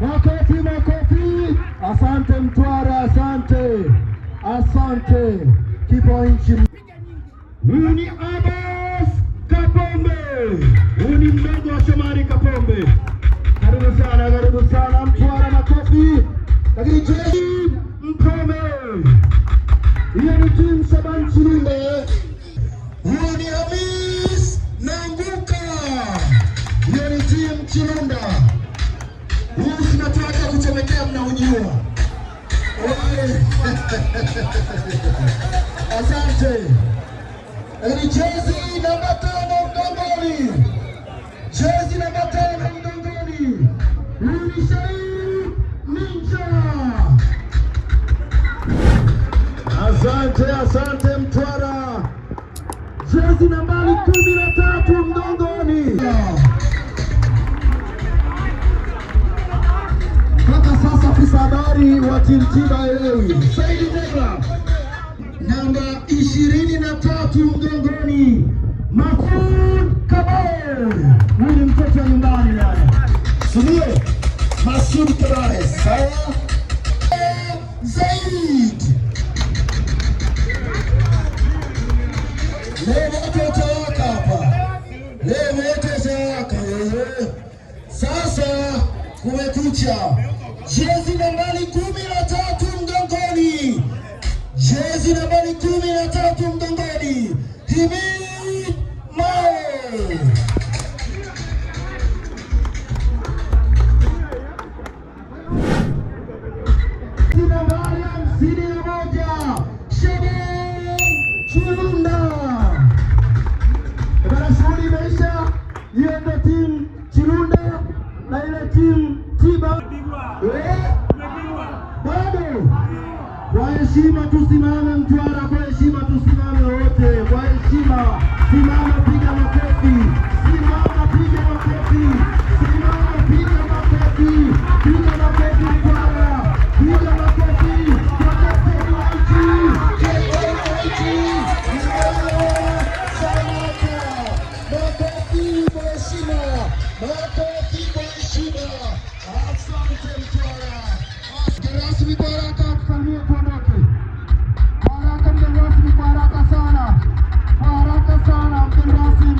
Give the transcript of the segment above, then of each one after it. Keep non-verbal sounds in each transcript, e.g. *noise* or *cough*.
Makofi, makofi! Asante Mtwara, asante, asante kipo nchi. Huyu ni Abbas Kapombe, huyu ni mdogo wa Shomari Kapombe. Karibu sana, karibu sana Mtwara, makofi. Lakini jeshi Mkome, hiyo ni timu saba nchini. Huyu ni Hamis Nanguka, hiyo ni timu Chilunda pekee mnaujua. *laughs* Asante. Ni jezi namba tano mgongoni, jezi namba tano mgongoni, Rudishain ninja. Asante, asante Mtwara, jezi nambari kumi na tatu mgongo wa timu Simba Saidi Tegla namba ishirini na tatu mgongoni, Masud Kabae, huyu ni mtoto wa nyumbani bwana, si Masud Kabae, sawa Zaid leo wote utawaka hapa, leo wote utawaka. Sasa kumekucha jezi nambari kumi na tatu mgongoni, jezi nambari kumi na tatu mgongoni, Himid Mao. Nambari hamsini na moja Shaban Chilunda. Shughuli imeisha, hiyo ndio timu Chilunda na ile timu bado kwa heshima tusimame, Mtwara, kwa heshima tusimame wote, kwa heshima simama. rasmi kwa haraka, tusalimie tuondoke kwa haraka. Mgeni rasmi kwa haraka sana, kwa haraka sana. Mgeni rasmi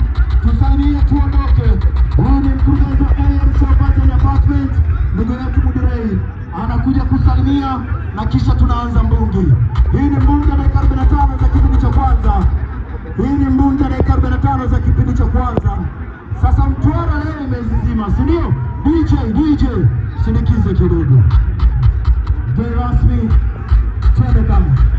tusalimie tuondoke. Huyu ni mkurugenzi wa Shoppers Apartment, ndugu yetu Mudirei anakuja kusalimia na kisha tunaanza mbungi. Hii ni mbungi ya dakika 45 za kipindi cha kwanza. Hii ni mbungi ya dakika 45 za kipindi cha kwanza. Sasa mtwara leo imezizima, si ndio? DJ DJ, sindikize kidogo. देवास्मी छः बेटा